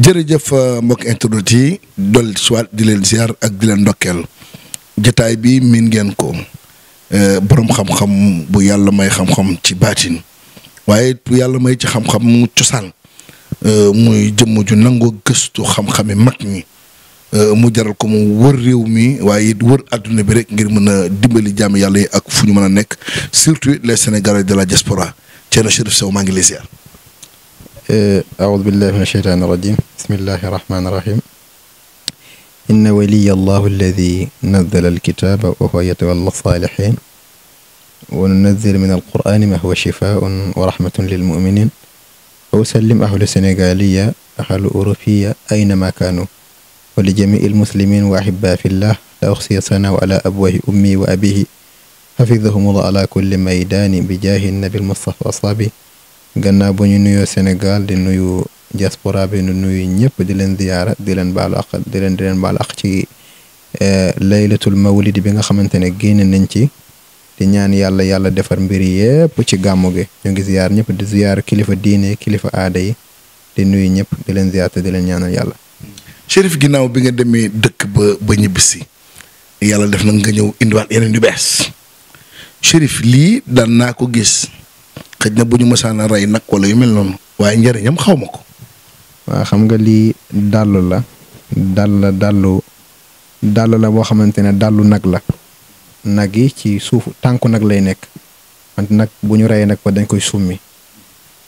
jërëjëf euh, mbokk internautes yi dol soit di leen ziar ak di leen ndokkeel jataay bi miin ngeen ko euh, borom xam-xam bu yàlla may xam-xam ci baatin waaye yàlla may ci xam-xam mu cosaan euh, muy jëmm ju nangoo gëstu xam-xami mag ñi mu jaral ko mu wër réew mi waaye it wër àdduna bi rek ngir mën a dimbali jaam yàlla yi ak fu ñu mën a nekk surtout les Sénégalais de la diaspora Thierno Chérif Sow maa ngi lay ziar. أعوذ بالله من الشيطان الرجيم بسم الله الرحمن الرحيم إن ولي الله الذي نزل الكتاب وهو يتولى الصالحين وننزل من القرآن ما هو شفاء ورحمة للمؤمنين وأسلم أهل السنغالية أهل أوروبية أينما كانوا ولجميع المسلمين وأحباء في الله لا أخصي ثناء على أبوه أمي وأبيه حفظهم الله على كل ميدان بجاه النبي المصطفى أصحابه gannaaw ba ñu nuyoo Sénégal di nuyu diaspora bi nu nuyu ñëpp di leen ziyaara di leen baalu ak di leen di leen baalu ak ci eh, laylatul mawlid bi nga xamante ne génn nañ ci di ñaan yàlla yàlla defar mbir yëpp ci gàmmu gi ñu ngi ziyaar ñëpp di ziyaar kilifa diine kilifa aada yi di nuyu ñëpp di leen ziyaar te di leen ñaanal yàlla. Chérif ginnaaw bi nga demee dëkk ba ñibbisi yàlla def na nga ñëw indiwaat yeneen yu bees Chérif lii daan naa ko gis. xëj na bu ñu mësaan a rey nag wala yu mel noonu waaye njëriñam xaw ma ko. waaw xam nga lii dàll la dàll la dàllu dàll la boo xamante ne dàllu nag la nag yi ci suuf tànku nag lay nekk wante nag bu ñu reyee nag ba dañ koy summi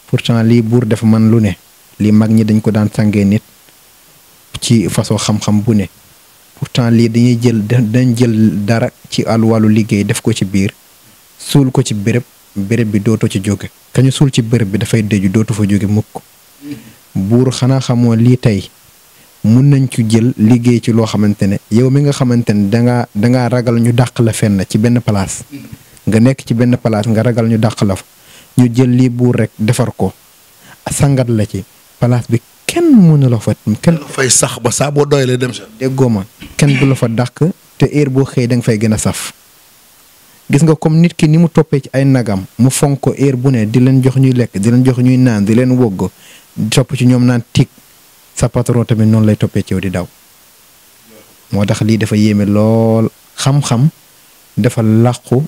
pourtant lii buur def man lu ne lii mag ñi dañ ko daan sàngee nit ci façon xam-xam bu ne pourtant lii dañuy jël dañ jël dara ci àll wàllu liggéey def ko ci biir suul ko ci béréb béréb bi dootoo ci jóge kañu suul ci bërëb bi dafay dëju dootu fa jóge mukk buur xanaa xamoo lii tey mun nañ ci jël liggéey ci loo xamante ne yow mi nga xamante ne dangaa dangaa ragal ñu dàq la fenn ci benn place nga nekk ci benn place nga ragal ñu dàq la ñu jël lii buur rek defar ko sangat la ci place bi kenn mënu la fa kenn fay sax ba saa boo dem déggoo ma kenn du la fa dàq te heure boo xëyee danga fay gën a saf gis nga comme nit ki ni mu toppee ci ay nagam mu fonk ko heure bu ne di leen jox ñuy lekk di leen jox ñuy naan di leen wogg topp ci ñoom naan tig sa patron tamit noonu lay toppee ci yow di daw. moo tax lii dafa yéeme lool xam-xam dafa làqu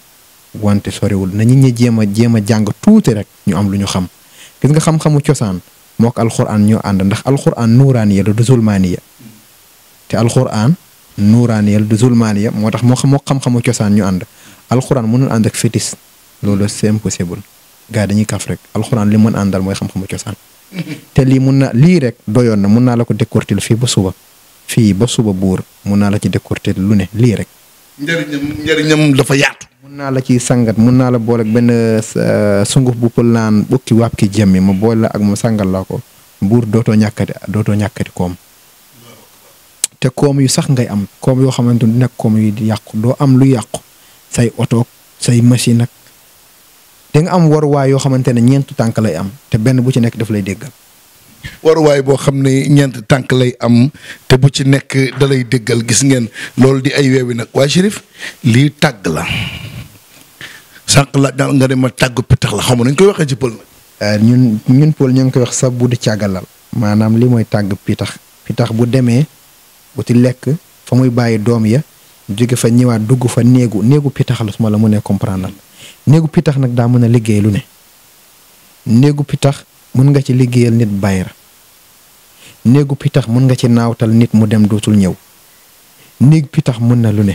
wante soriwul na nit ñi jéem a jéem a jàng tuuti rek ñu am lu ñu xam gis nga xam-xamu cosaan moo ko alxuraan ñu ànd ndax alxuraan nuuraaniya la du zulmaaniya te alxuraan nuuraaniya la du zulmaaniya moo tax moo xam moo xam-xamu cosaan ñu ànd. alxuraan mënul ànd ak fétis loolu c'est impossible gaa dañuy kaf rek alxuraan li mën àndal mooy xam-xamu cosaan te lii mun na lii rek doyoon na mun naa la ko décortil fii ba suba fii ba suba buur mun naa la ci décortil lu ne lii rek. njëriñam dafa yaatu. mun naa la ci sangat mun naa la boole benn euh, sunguf bu pël naan bukki waab ki jëmmi ma boole la ak ma sangal la ko buur dootoo ñàkkati dootoo ñàkkati koom. te koom yu sax ngay am koom yoo xamante ni nag koom yu yàqu doo am lu yàqu. say oto say machine ak da am waruwaay yoo xamante ne ñeent tànk lay am te benn bu ci nekk dafa lay déggal. waruwaay boo xam ne ñeent tànk lay am te bu ci nekk da déggal gis ngeen loolu di ay weewi nag waa Chérif li tàgg la sanq la daal nga dem tàgg tàggu pitax la xamu nañ koy waxee ci pël nag. Euh, ñun ñun pël ñu ngi koy wax sa buddi càggalal maanaam li mooy tàgg pitax pitax bu demee bu ti lekk fa muy bàyyi doom ya jóge fa ñëwaat dugg fa néegu néegu pitax la su ma la mënee comprendre néegu pitax nag daa mën a liggéey lu ne néegu pitax mën nga ci liggéeyal nit bayra néegu pitax mën nga ci naawtal nit mu dem dootul ñëw néeg pitax mën na lu ne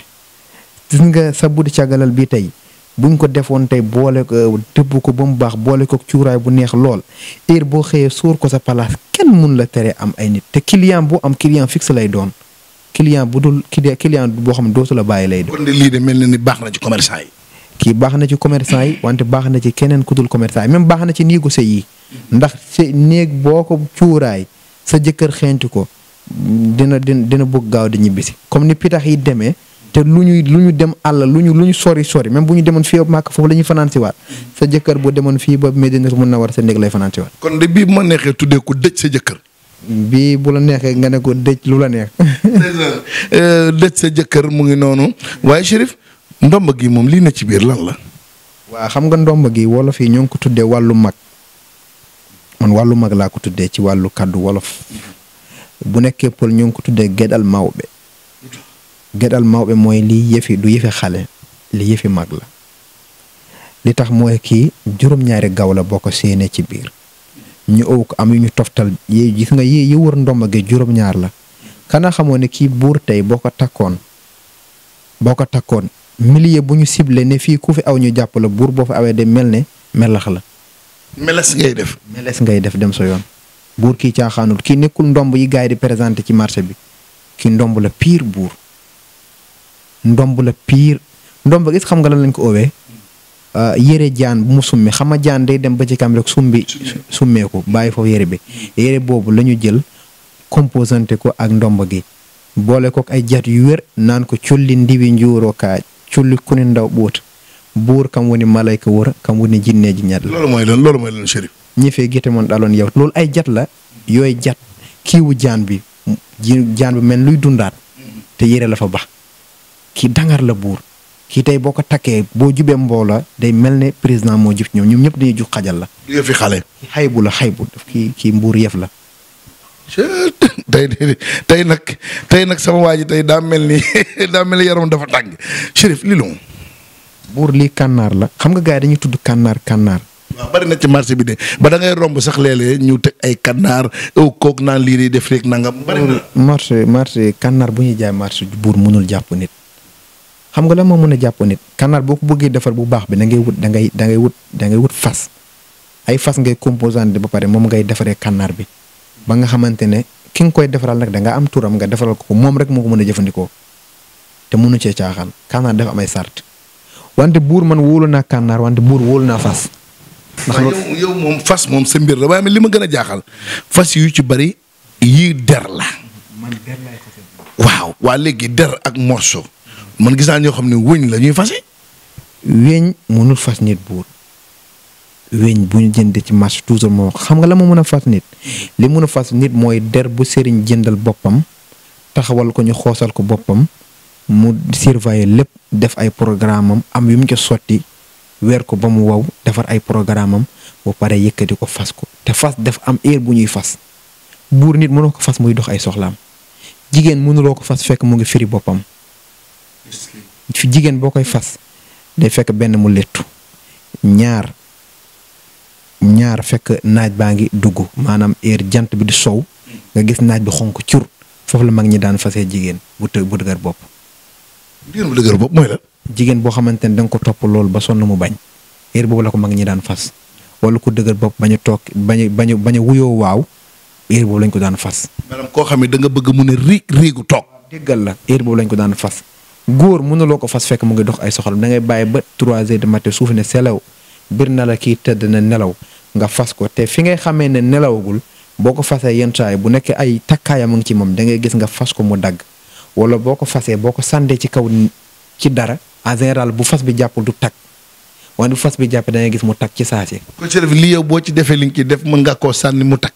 gis nga sa buddi càggalal bi tey buñ ko defoon tey boole ko dëbb euh, ko ba mu baax boole ko cuuraay bu neex lool heure boo xëyee suur ko sa palaas kenn mun la tere am ay nit te client boo am client fixe lay doon client bu dul client boo xam ne dootu la bàyyi lay def. kon de lii de mel na ni baax na ci commerçant yi. kii baax na ci commerçant yi wante baax na ci keneen ku dul commerçant yi même baax na ci néegu sëy yi ndax si néeg boo ko cuuraay sa jëkkër xeenti ko dina dina dina bëgg gaaw di ñibbisi. comme ni pitax yi demee te lu ñuy ñu dem àll lu ñu lu ñu sori sori même bu ñu demoon fii màkk foofu la ñuy fanaan si waat sa jëkkër bu demoon fii ba Medina mun na war sa néeg lay fanaan si waat. kon de bii ma neexee tuddee ko sa jëkkër. bii bu la neexee nga ne ko dëj lu la neex. Eh, dëj sa jëkkër mu ngi noonu waaye Chérif ndomba gi moom lii na ci biir lan la. waa xam nga ndomba gi wolof yi ñoo ngi ko tuddee wàllu mag man wàllu mag laa ko tuddee ci wàllu kàddu wolof bu nekkee pël ñoo ngi ko tuddee gédal mawbe gédal mawbe mooy lii yëfi du yëfi xale li yëfi mag la li tax mooy kii juróom-ñaari gaw la boo ko séenee ci biir. ñu ëw ko am yu ñu toftal yee gis nga yee yi wër ndomba gi juróom-ñaar la xanaa xamoo ne kii buur tey boo ko takkoon boo ko takkoon millier bu ñu ciblé ne fii ku fi aw ñu jàpp la buur boo fi awee de mel ne melax la. meles ngay def. meles ngay def dem sa yoon. buur kii caaxaanul kii nekkul ndomb yi gars di présenté ci marché bi kii ndomb la piir buur ndomb la pire ndomb gis xam nga lan lañ ko owee Euh, yére jaan bu mu summi xama nga jaan day dem ba ci kam rek sumbi summeeku bàyyi foofu yére bi yére boobu lañu jël composante ko ak ndomba gi boole ko ay jaat yu wér naan ko culli ndiwi njuuroo kaa culli ku ni ndaw buut buur kam woni malayka wër kam woni jinne ji ñat la loolu mooy lan loolu mooy lan chérif ñi moon daloon yow loolu ay jat la yooyu jat kiiwu jaan bi jaan bi mel luy dundaat te yére la fa bax ki dangar la buur kii tey boo ko takkee boo jubee mboola day mel ni président moo jub ñoom ñoom ñëpp dañuy jub xajal la. du fi xale. xaybu la xaybu kii kii mbuur yëf la. tey nag tey nag sama waa ji tey daa mel ni daa mel ni yaram dafa tàng Chérif li lon buur lii kànnaar la xam nga gars yi dañuy tudd kànnaar kànnaar. waaw bari na ci marché bi de ba da romb sax léeg ñu ay kànnaar oh, kook naan lii di def rek nangam. bari na marché marché kànnaar bu ñuy jaay marché buur mënul jàpp nit. xam nga la moo mën a jàpp nit canal boo ko bëggee defar bu baax bi dangay wut dangay ngay wut da wut fas ay fas ngay composante ba pare moom ngay defaree kànnaar bi ba nga xamante ne ki nga koy defaral nag da nga am turam nga defaral ko ko moom rek moo ko mën a jëfandikoo te mënu cee caaxaan canal dafa am ay sart wante buur man wóolu naa kànnaar wante buur wóolu naa fas. ndax yow moom fas moom sa mbir la waaye man li ma gën a jaaxal fas yu ci bari yii der waa léegi der ak morceau. man gis naa ñoo xam ne wëñ la ñuy fase weñ mënul fas nit buur weñ bu ñu jëndee ci marché toujours moo xam nga la ma mën a fas nit li mën a fas nit mooy der bu sëriñ jëndal boppam taxawal ko ñu xoosal ko boppam mu surveiller lépp def ay programme am am yu mu ko sotti weer ko ba mu wow defar ay programme am ba pare yëkkati ko fas ko te fas dafa am heure bu ñuy fas buur nit mënoo ko fas muy dox ay soxlaam jigéen mënuloo ko fas fekk mu ngi firi boppam fi jigéen boo koy fas day fekk benn mu léttu ñaar ñaar fekk naaj baa ngi dugg maanaam heure jant bi di sow nga gis naaj bi xonk cur foofu la mag ñi daan fasee jigéen bu të bu dëgër bopp. jigéen mooy jigéen boo xamante ne da ko topp loolu ba sonn mu bañ heure boobu la ko mag ñi daan fas wala ku dëgër bopp toog bañ a bañ bañ a wuyoo waaw heure boobu lañ ko daan fas. koo xam ne da bëgg mu ne toog. déggal la heure boobu lañ ko daan fas. góor mënuloo ko fas fekk mu ngi dox ay soxlam da ngay bàyyi ba 3 heures de matin suuf ne selaw na la kii tëdd na nelaw nga fas ko te fi ngay xamee ne nelawagul boo ko fasee yenn bu nekkee ay takkaayam a ngi ci moom da ngay gis nga fas ko mu dagg wala boo ko fasee boo ko sàndee ci kaw ci dara en bu fas bi jàppul du takk wante bu jàpp da ngay gis mu takk ci saa si. kon boo ci defee li nga ci def mën nga koo sànni mu takk.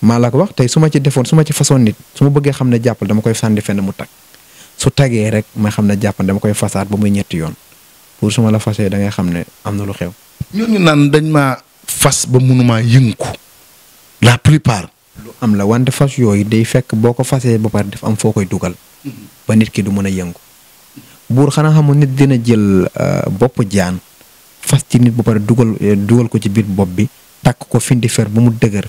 maa la ko wax tey su ma ci defoon su ma ci fasoon nit su ma bëggee xam ne jàppul dama koy sànni fenn mu takk. su tagee rek may xam ne jàpp dama koy fasaat ba muy ñetti yoon pour su ma la fasee dangay xam ne am na lu xew. ñooñu naan dañ maa fas ba mënumaa yënku la plupart. lu am la wante fas yooyu day fekk boo ko fasee ba pare def am foo koy dugal. Mm-hmm. ba nit ki du mën a yëngu. buur xanaa xamul nit dina jël euh, bopp jaan fas ci nit ba pare dugal euh, dugal ko ci biir bopp bi takk ko findi fer ba mu dëgër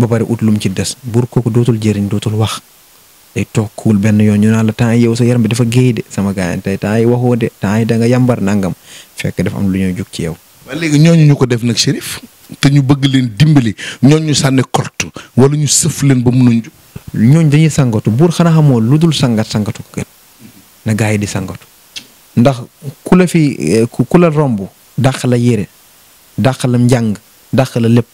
ba pare ut lum ci des buur kooku dootul jëriñ dootul wax. day toog kuul benn yoon ñu naan la temps yow sa yaram bi dafa géey de sama gars tey temps yi waxoo de temps yi da nga nangam fekk dafa am lu ñuy jug ci yow. waaye léegi ñooñu ñu ko def nag Chérif te ñu bëgg leen dimbali ñooñu ñu sànni korte wala ñu sëf leen ba mënuñ jug. ñooñ dañuy sangatu buur xanaa xamoo lu dul sangat sangatu ko na gars yi di sangatu ndax kula fi eh, ku la romb dàq la yére dàq la njàng dàq la lépp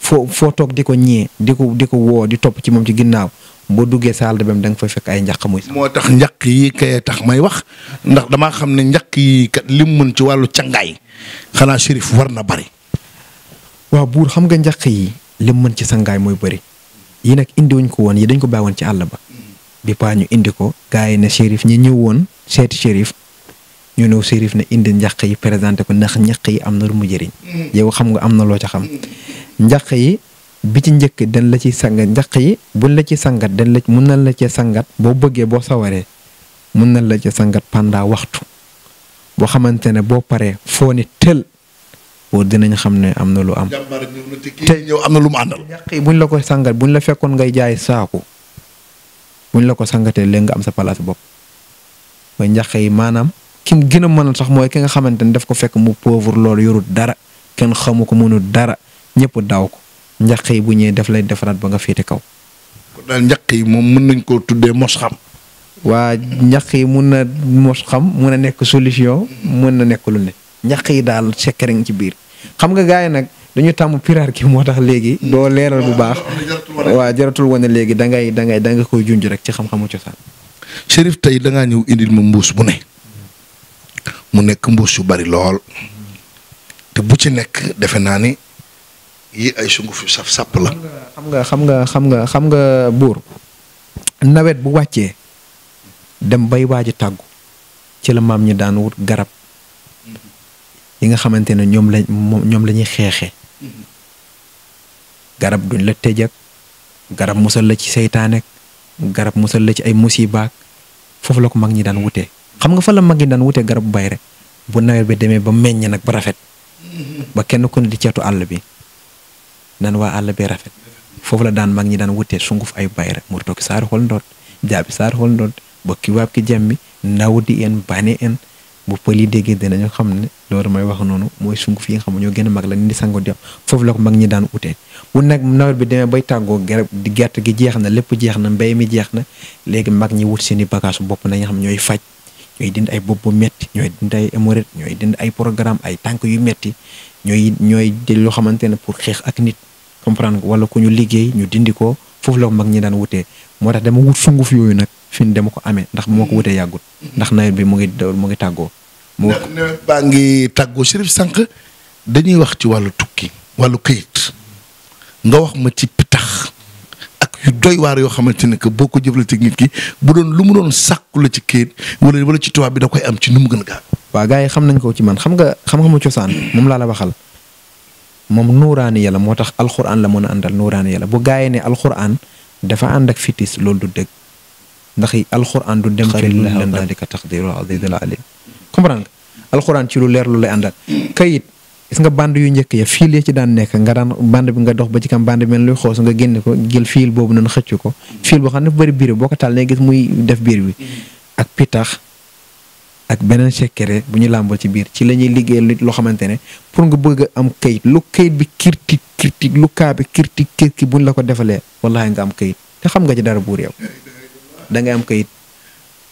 foo foo toog di ko ñee di ko di ko woo di topp ci moom ci ginnaaw boo duggee saal de bain da nga fay fekk ay njaq muy. moo tax njaq yi kay tax may wax ndax damaa xam ne njaq yi kat lim mën ci wàllu cangaay xanaa shérif war na bari. waaw buur xam nga njaq yi lim mën ci sangaay mooy bëri yi nag indiwuñ ko woon yi dañ ko bàyyiwoon ci àll ba. bi paa ñu indi ko. gars yi ne shérif ñi ñëw woon seeti shérif ñu ñëw shérif ne indi njaq yi présenté ko ndax njaq yi am na lu mu jëriñ. Mm. yow xam nga am na loo ca xam. Mm. njaq yi. bi ci njëkk dañ la ci sangat njaq yi buñ la ci sangat dañ la mun nañ la ci sangat boo bëggee boo sawaree mun nañ la ci sangat pendant waxtu boo xamante ne boo paree foo ni tël boo dinañ xam ne am na lu am te ñëw am na lu mu àndal njaq yi buñ la ko sangat buñ la fekkoon ngay jaay saaku la ko sangatee léegi am sa place bopp mooy njaq yi maanaam ki gën a mën sax mooy ki nga xamante ne daf ko fekk mu pauvre loolu yorut dara kenn xamu ko mënul dara ñëpp daw ko njaq yi bu ñëwee def lay defaraat ba nga féete kaw. kon njaq yi moom mën nañ koo tuddee mos xam. waa ñaq yi mun na mos xam mun a nekk solution mun na nekk lu ne ñaq yi daal sekkering ci biir xam nga gars yi nag dañu tàmm piraar gi moo tax léegi doo leeral bu baax waa jaratul wane léegi da ngay da ngay da nga koy junj rek ci xam-xamu cosaan Chérif tey da ñëw indil ma mbuus bu ne mu nekk mbuus yu bari lool te bu ci nekk defe naa ni yii ay sunguf yu saf sàpp la. xam nga xam nga xam nga xam nga buur nawet bu wàccee dem bay waaj a tàggu ci la maam ñi daan wut garab yi nga xamante ne ñoom lañ ñoom la ñuy xeexee garab duñ la tëj garab musal la ci seytaane garab musal la ci ay musibaak foofu la ko mag ñi daan wutee xam nga fa la mag ñi daan wutee garab bu bay rek bu nawet bi demee ba meññ nag ba rafet ba kenn kon di ceetu àll bi. nan waa àll bee rafet foofu la daan mag ñi daan wutee sunguf ay bayra murtoki saar holndot jaabi xam ne loolu may wax noonu mooy sunguf yi nga xam ne ñoo gën a la di sango di am foofu la ko mag ñi daan utee bu nag nawet bi demee bay tàggoo di gerte gi jeex na lépp jeex na mbéy mi jeex na léegi mag ñi wut seen i bagage bopp na nga xam ñooy faj ñooy dind ay bopp bu metti ñooy dind ay hémorroïdes ay programme ay tànk yu metti ñooy ñooy jël loo xamante ne pour xeex ak nit comprendre nga wala ku ñu liggéey ñu dindi ko foofu la ko mag ñi daan wute moo tax dama wut sunguf yooyu nag fi dem ko amee ndax moo ko mm-hmm. wutee yàggut mm-hmm. ndax nawet bi mu ngi mu ngi tàggoo. mu nawet ngi tàggoo Chérif sànq dañuy wax ci wàllu tukki wàllu këyit nga wax ma ci pitax ak yu doy waar yoo xamante ne que boo ko jëflanteeg nit ki bu doon lu mu doon sàkku la ci këyit wala wala ci tubaab bi da koy am ci nu mu gën a gaaw. waa gars yi xam nañ ko ci man xam nga xam-xamu cosaan moom laa la waxal. moom nuuraani yalla moo tax alxuraan la mën a àndal nuuraani yàlla bu gaayee ne alxuraan dafa ànd ak fitis loolu du dëgg ndax alxuraan du dem ci lu leen daalika taqdiru azizul alim comprendre nga alxuraan ci lu leer lu lay àndal kayit gis nga bande yu njëkk ya fiil ya ci daan nekk nga daan bande bi nga dox ba ci kam bande bi mel luy xoos nga génne ko jël fiil boobu noonu xëcc ko fiil boo xam ne fu bëri biir boo ko taal ne gis muy def biir bi ak pitax ak beneen secret bu ñu làmbal ci biir ci lañuy ñuy liggéey nit loo xamante ne pour nga bëgg am kayit lu kayit bi kirti kirti lu kaa bi kirti kirti buñ la ko defalee wallahi nga am kayit te xam nga ci dara buur yow da ngay am kayit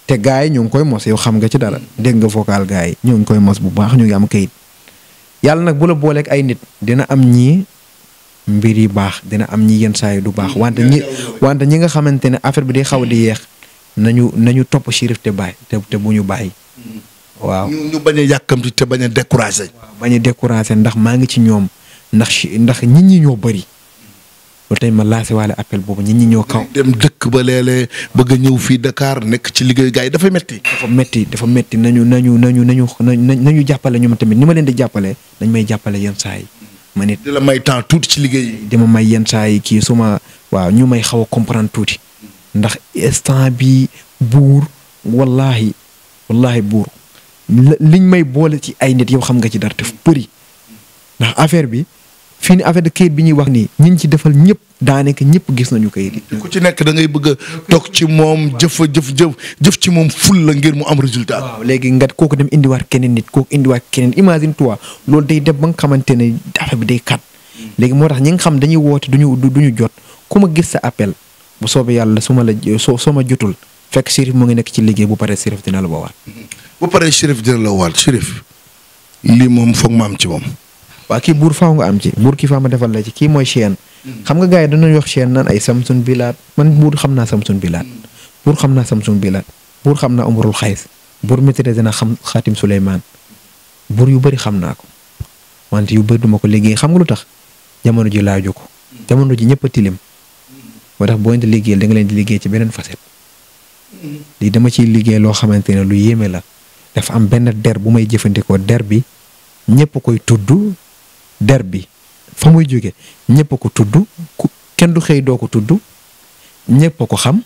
te gars yi ñu ngi koy mos yow xam nga ci dara dégg nga vocal gars yi ñu ngi koy mos bu baax ñu ngi am kayit yàlla nag bu la booleek ay nit dina am ñi mbir yi baax dina am ñi yenn saa yi du baax wante ñi wante nga xamante ne affaire bi day xaw di yeex nañu nañu topp Chérif te bàyyi te te bu ñu bàyyi. Mm-hmm. waaw ñu ñu bañ a yàkkamti te bañ a découragé. bañ a ndax maa ngi ci ñoom ndax ndax nit ñi ñoo bëri. loolu tamit ma lancé waale appel boobu nit ñi ñoo kaw. dem dëkk ba léeg bëgg a ñëw fii Dakar nekk ci liggéey gars yi dafa metti dafa metti dafa metti nañu nañu nañu nañu nañu jàppale ñu ma tamit ni ma leen di jàppale dañ may jàppale yenn saa yi. ma nit di la may temps tuuti ci liggéey. di ma may yenn saa yi kii suma ma waaw ñu may xaw a tuuti. ndax instant bi buur wallahi wallahi buur liñ may boole ci ay nit yow xam nga ci dara te bëri ndax affaire bi fii ni affaire de kayit bi ñuy wax nii ñi ci defal ñëpp daanaka ñëpp gis nañu kayit yi. ku ci nekk da bëgg toog ci moom jëf jëf jëf jëf ci moom ful la ngir mu am résultat. waaw léegi nga kooku dem indiwaat keneen nit kooku indiwaat keneen imagine toi loolu day def ba nga xamante ne affaire bi day kat hmm. léegi moo tax ñi nga xam dañuy woote duñu duñu jot ku ma gis sa appel. bu soobee yàlla su ma la soo soo jotul fekk Chérif mu ngi nekk ci liggéey bu paree Chérif dina la woowaat. bu paree Chérif dina la woowaat Chérif. lii moom foog ma am ci moom. waa kii buur faaw nga am ci buur kii faaw ma defal la ci kii mooy chaîne. xam nga gars yi dañu wax chaîne naan ay Samsung bilaat man buur xam naa Samsung bilaat. buur xam naa Samsung bilaat. buur xam naa Umrul Xays. buur maîtrisé naa xam Xaatim Souleymane. buur yu bëri xam naa ko. wante yu bëri duma ko liggéey xam nga lu tax. jamono ji laaju ko. jamono ji ñëpp moo tax boo leen di liggéeyal da nga leen di liggéey ci beneen facette lii dama ciy liggéey loo xamante ne lu yéeme la dafa am benn der bu may jëfandikoo der bi ñépp koy tudd der bi fa muy jóge ñépp ko tudd kenn du xëy doo ko tudd ñépp ko xam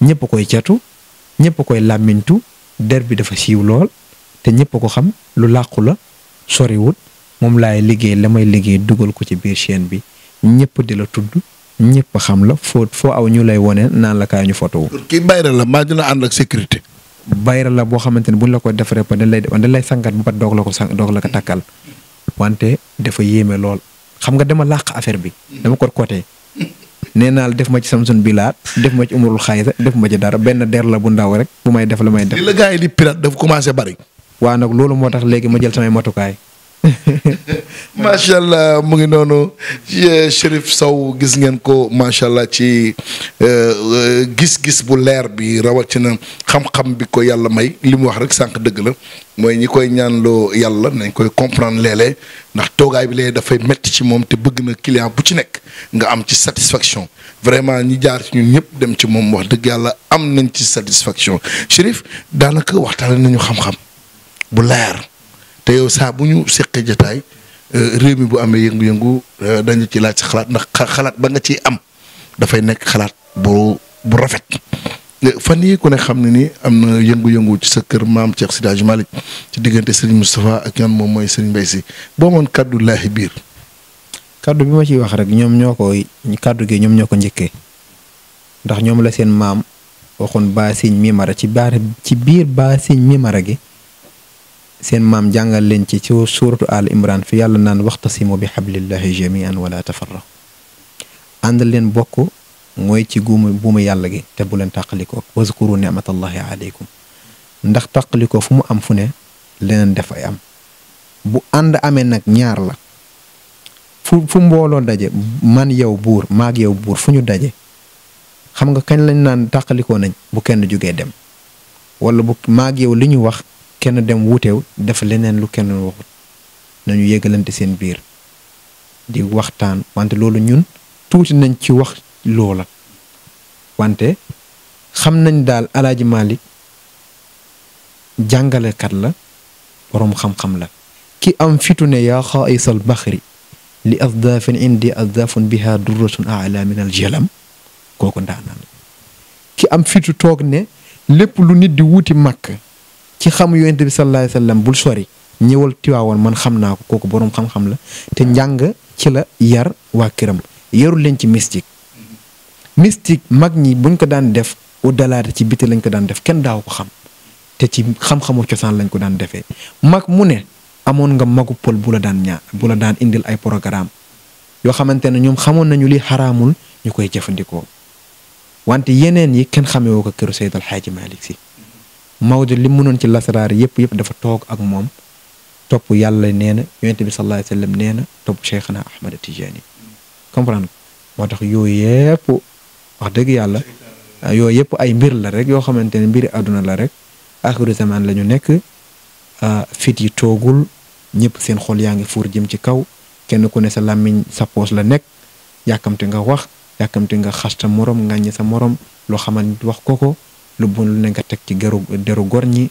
ñépp koy catu ñépp koy làmmiñtu der bi dafa siiw lool te ñëpp ko xam lu làqu la soriwut moom laay liggéey la may liggéey dugal ko ci biir chaîne bi ñépp di la tudd ñëpp xam la foo foo aw ñu lay wone naan la kaay ñu fotowu. kii bayra la maa la ànd ak sécurité. bayra la boo xamante ne buñ la ko defaree ba dañ lay dañ lay sangat ba doog la ko sang doog la ko takkal wante dafa yéeme lool xam dama làq affaire bi. dama ko côté. nee naan la def ma ci Samsung bilaat def ma ci umurul xaysa def ma ci dara benn der la bu ndaw rek bu may def la may def. li la gaa yi di pirate dafa commencé bari. waa nag loolu moo tax léegi ma jël samay matukaay. macha allah mu ngi noonu eh, Chérif Sow gis ngeen ko macha allah ci eh, eh, gis-gis bu leer bi rawatina xam-xam bi ko yàlla may li mu wax rek sànq dëgg la mooy ñi koy ñaanloo yàlla nañ koy comprendre léeg ndax toogaay bi léeg dafay metti ci moom te bëgg na client bu ci nekk nga am ci satisfaction vraiment ñi jaar ci ñun ñëpp dem ci moom wax dëgg yàlla am nañ ci satisfaction Chérif daanaka waxtaan nañu xam-xam bu leer. te yow saa bu ñu seqee jotaay euh, réew mi bu amee yëngu-yëngu euh, dañ ci laaj sa xalaat ndax xalaat ba nga ci am dafay nekk xalaat bu bu rafet. Euh, fan yi ku ne xam ne ni am na yëngu-yëngu ci sa kër maam Cheikh Sida Hadj Malick ci diggante Serigne Moustapha ak yan moom mooy Serigne Mbaye si boo moon kaddu laahi biir. kàddu bi ma ciy wax rek ñoom ñoo ko kàddu gi ñoom ñoo ko njëkkee ndax ñoom la seen maam waxoon baa siñ mimara ci baar ci biir baa siñ mimara gi seen maam jàngal leen ci ci suuratu al imran fi yàlla naan waxtasimu bi xablillahi a wala tafarraqu ànd leen bokk mooy ci guumu buumu yàlla gi te bu leen tàqalikoo waskuru nicmatallahi aleykum ndax tàqalikoo fu mu am fu ne leneen def am bu ànd amee nag ñaar la fu fu mbooloo daje man yow buur maag yow buur fu ñu daje xam nga kañ lañ naan tàqalikoo nañ bu kenn jógee dem wala bu maag yow li ñu wax kenn dem wuteew def leneen lu kenn waxut nañu yégalante seen biir di waxtaan wante loolu ñun tuuti nañ ci wax loola wante xam nañ daal alaaji Malick jàngalekat la boroom xam-xam la ki am fitu ne yaa xaaisal baxri li asdaafin indi asdaafun biha durratun ala min al kooku ndaanaan ki am fitu toog ne lépp lu nit di wuti màkk ci xam yonent bi sallallahu alayhi wa bul sori ñëwal Tiwaawoon man xam naa ko kooku boroom xam-xam la te njàng ci la yar waa këram yarul leen ci mistik mystique mag ñi buñ ko daan def au delà ci biti lañ ko daan def kenn daaw ko xam te ci xam-xamu cosaan lañ ko daan defee mag mu ne amoon nga magu pol bu la daan bu la daan indil ay programme yoo xamante ne ñoom xamoon nañu li xaraamul ñu koy jëfandikoo wante yeneen yi kenn xamewoo ko këru Seydal Xaaji Malik Si Maodo li mënoon ci lasaraar yëpp yëpp dafa toog ak moom topp yàlla nee na yonent bi sallallahu alayhi wa nee na topp Cheikhna Ahmad Tijaani comprendre moo tax yooyu yëpp wax dëgg yàlla yooyu yëpp ay mbir la rek yoo xamante ne mbiri àdduna la rek axiru zaman la ñu nekk ah, fit yi toogul ñëpp seen xool yaa ngi fuur jëm ci kaw kenn ku ne sa làmmiñ sa poos la nekk yàkkamte nga wax yàkkamte nga xas ta morom ngaññ sa morom loo xamal nit wax ko ko lu bon lu ne nga teg ci geru deru gor ñi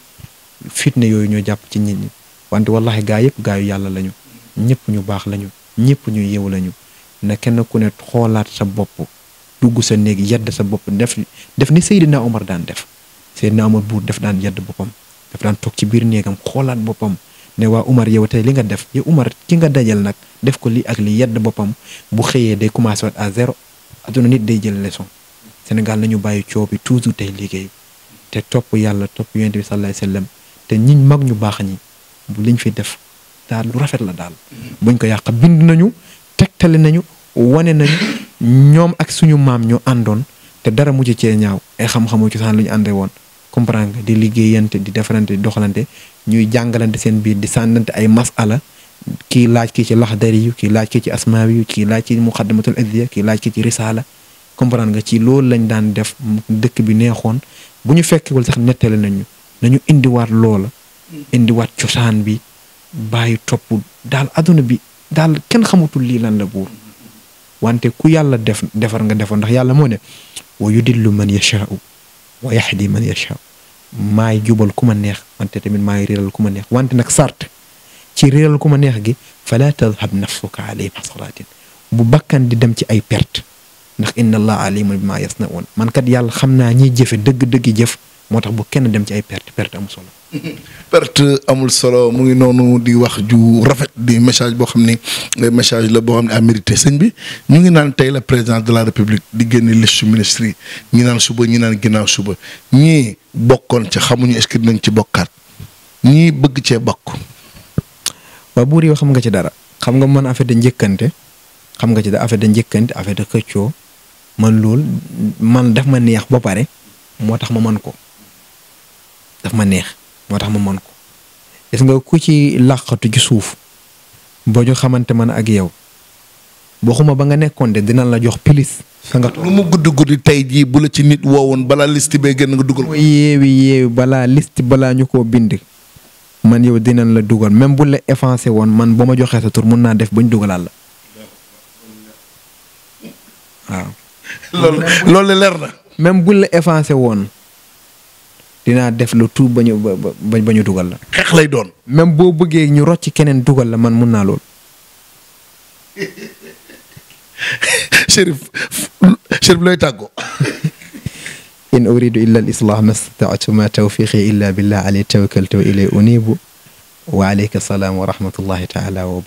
fitne yooyu ñoo jàpp ci nit ñi wante wallahi gaa yëpp gaa yu yàlla lañu ñëpp ñu baax lañu ñëpp ñu yeewu lañu na kenn ku ne xoolaat sa bopp dugg sa néeg yedd sa bopp def def ni Seydina Omar daan def Seydina Omar buur def daan yedd boppam daf daan toog ci biir néegam xoolaat boppam ne waa Umar yow tey li nga def yow Umar ki nga dajal nag def ko lii ak li yedd boppam bu xëyee day commencé waat à zéro adduna nit day jël leçon Sénégal nañu bàyyi coow bi toujours tey liggéey te topp yàlla topp yonent bi sallallahu alayhi wasallam te ñiñ mag ñu baax ñi bu liñ fi def daal lu rafet la daal buñ ko yàq bind nañu tegtale nañu wane nañu ñoom ak suñu maam ñu àndoon te dara mujj cee ñaaw ay e xam-xamu cosaan lu ñu àndee woon comprendre nga di liggéeyante di defarante di doxalante ñuy jàngalante seen biir di sànnante ay masala kii laaj kii ci laxdari yu kii laaj kii ci asmaawi yu kii laaj kii muqaddamatul adiya kii laaj kii ci risaala comprendre nga ci loolu lañ daan def dëkk bi neexoon bu ñu fekkewul sax nettali nañu nañu indiwaat loola hmm. indiwaat cosaan bi bàyyi topp daal adduna bi daal kenn xamatul lii lan la buur wante ku yàlla def defar nga defoon ndax yàlla moo ne wa yudillu man yashaau wa yahdi man yashaau maay jubal ku ma neex wante tamit maay réeral ku ma neex wante nag sart ci réeral ku ma neex gi fala tadhab nafsuka alayhim hasaratin bu bakkan di dem ci ay perte ndax inna allah alimun bima yasnaun man kat yàlla xam naa ñiy jëfe dëgg-dëgg jëf moo tax bu kenn dem ci ay perte perte amul solo. perte amul solo mu ngi noonu di wax ju rafet di message boo xam ni euh, message la boo xam ne à mérité sëñ bi mu ngi naan tey la président de la république di génne liste ministre ñi naan suba ñi naan ginnaaw suba ñi bokkoon ci xamuñu est-ce ci bokkaat ñii bëgg cee bokk. waaw buur yow xam nga ci dara xam nga man affaire de njëkkante xam nga ci dara affaire njëkkante affaire de xëccoo. man lool man daf ma neex ba pare moo tax ma man ko daf ma neex moo tax ma man ko gis nga ku ci làqatu ci suuf boo ñu xamante man ak yow boxuma ba nga nekkoon de dina la jox pilis fa nga toog lu mu guddi guddi tey jii bu la ci nit woowoon balaa list bee gën nga dugal ko yeewi yeewi balaa balaa ñu ko bind man yow dinañ la dugal même bu la effacé woon man ba ma joxee sa tur mun naa def ba ñu dugalaat la waaw lool loolu leer na. même buñ la effacé woon dinaa def lu tuub ba ñu dugal la. xeex lay doon. même boo bëggee ñu rocc keneen dugal la man mun naa lool. Chérif looy tàggoo. in uridu illa al islah mastata'tu ma tawfiqi illa billah alayhi tawakkaltu wa ilayhi unibu wa salaam wa rahmatullahi taala wa